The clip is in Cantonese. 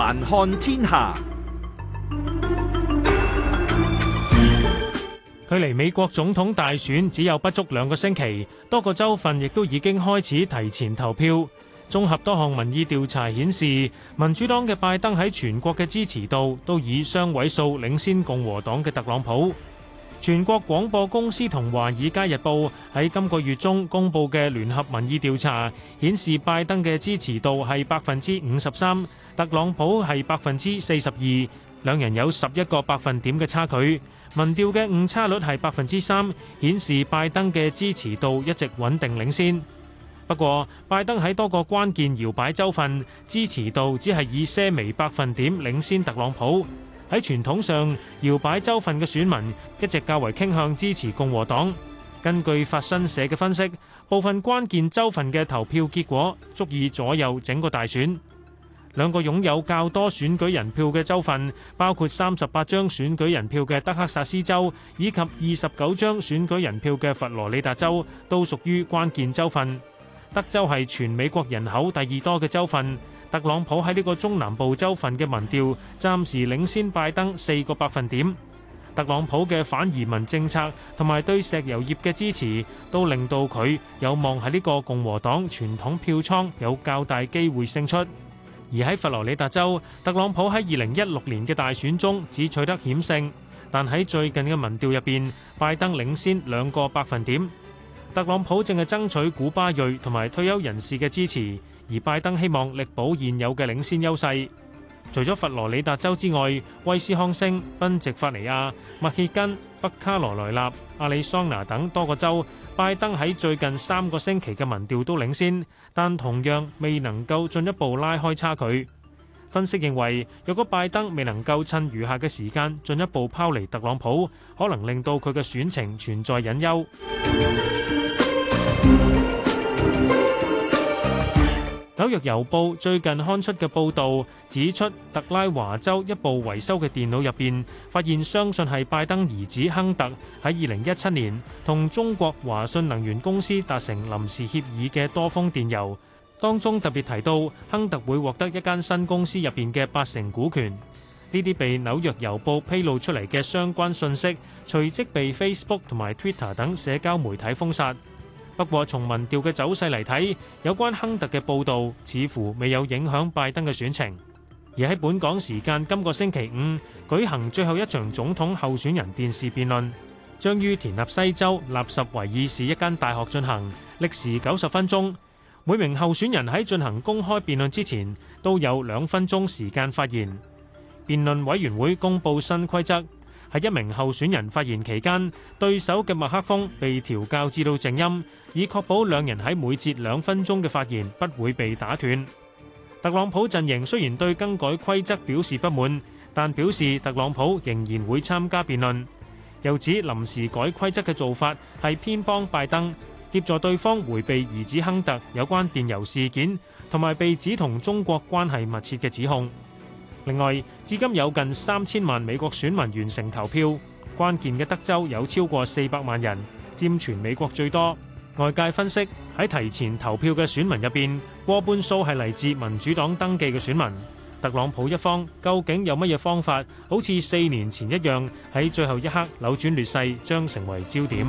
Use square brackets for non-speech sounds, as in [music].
環看天下，距離美國總統大選只有不足兩個星期，多個州份亦都已經開始提前投票。綜合多項民意調查顯示，民主黨嘅拜登喺全國嘅支持度都以雙位數領先共和黨嘅特朗普。全國廣播公司同華爾街日報喺今個月中公佈嘅聯合民意調查顯示，拜登嘅支持度係百分之五十三。特朗普係百分之四十二，兩人有十一個百分點嘅差距。民調嘅誤差率係百分之三，顯示拜登嘅支持度一直穩定領先。不過，拜登喺多個關鍵搖擺州份支持度只係以些微百分點領先特朗普。喺傳統上，搖擺州份嘅選民一直較為傾向支持共和黨。根據法新社嘅分析，部分關鍵州份嘅投票結果足以左右整個大選。兩個擁有較多選舉人票嘅州份，包括三十八張選舉人票嘅德克薩斯州，以及二十九張選舉人票嘅佛羅里達州，都屬於關鍵州份。德州係全美國人口第二多嘅州份。特朗普喺呢個中南部州份嘅民調暫時領先拜登四個百分點。特朗普嘅反移民政策同埋對石油業嘅支持，都令到佢有望喺呢個共和黨傳統票倉有較大機會勝出。而喺佛羅里達州，特朗普喺二零一六年嘅大選中只取得險勝，但喺最近嘅民調入邊，拜登領先兩個百分點。特朗普淨係爭取古巴裔同埋退休人士嘅支持，而拜登希望力保現有嘅領先優勢。除咗佛羅里達州之外，威斯康星、賓夕法尼亞、密歇根、北卡羅來納、阿里桑拿等多個州，拜登喺最近三個星期嘅民調都領先，但同樣未能夠進一步拉開差距。分析認為，若果拜登未能夠趁餘下嘅時間進一步拋離特朗普，可能令到佢嘅選情存在隱憂。 [music] 紐約郵報最近刊出嘅報導指出，特拉華州一部維修嘅電腦入邊，發現相信係拜登兒子亨特喺二零一七年同中國華信能源公司達成臨時協議嘅多封電郵，當中特別提到亨特會獲得一間新公司入邊嘅八成股權。呢啲被紐約郵報披露出嚟嘅相關信息，隨即被 Facebook 同埋 Twitter 等社交媒體封殺。不過，從民調嘅走勢嚟睇，有關亨特嘅報導似乎未有影響拜登嘅選情。而喺本港時間今個星期五舉行最後一場總統候選人電視辯論，將於田納西州納什維爾市一間大學進行，歷時九十分鐘。每名候選人喺進行公開辯論之前，都有兩分鐘時間發言。辯論委員會公布新規則。喺一名候選人發言期間，對手嘅麥克風被調校至到靜音，以確保兩人喺每節兩分鐘嘅發言不會被打斷。特朗普陣營雖然對更改規則表示不滿，但表示特朗普仍然會參加辯論，又指臨時改規則嘅做法係偏幫拜登，協助對方迴避兒子亨特有關電郵事件，同埋被指同中國關係密切嘅指控。另外，至今有近三千萬美國選民完成投票，關鍵嘅德州有超過四百萬人，佔全美國最多。外界分析喺提前投票嘅選民入邊，過半數係嚟自民主黨登記嘅選民。特朗普一方究竟有乜嘢方法，好似四年前一樣喺最後一刻扭轉劣勢，將成為焦點。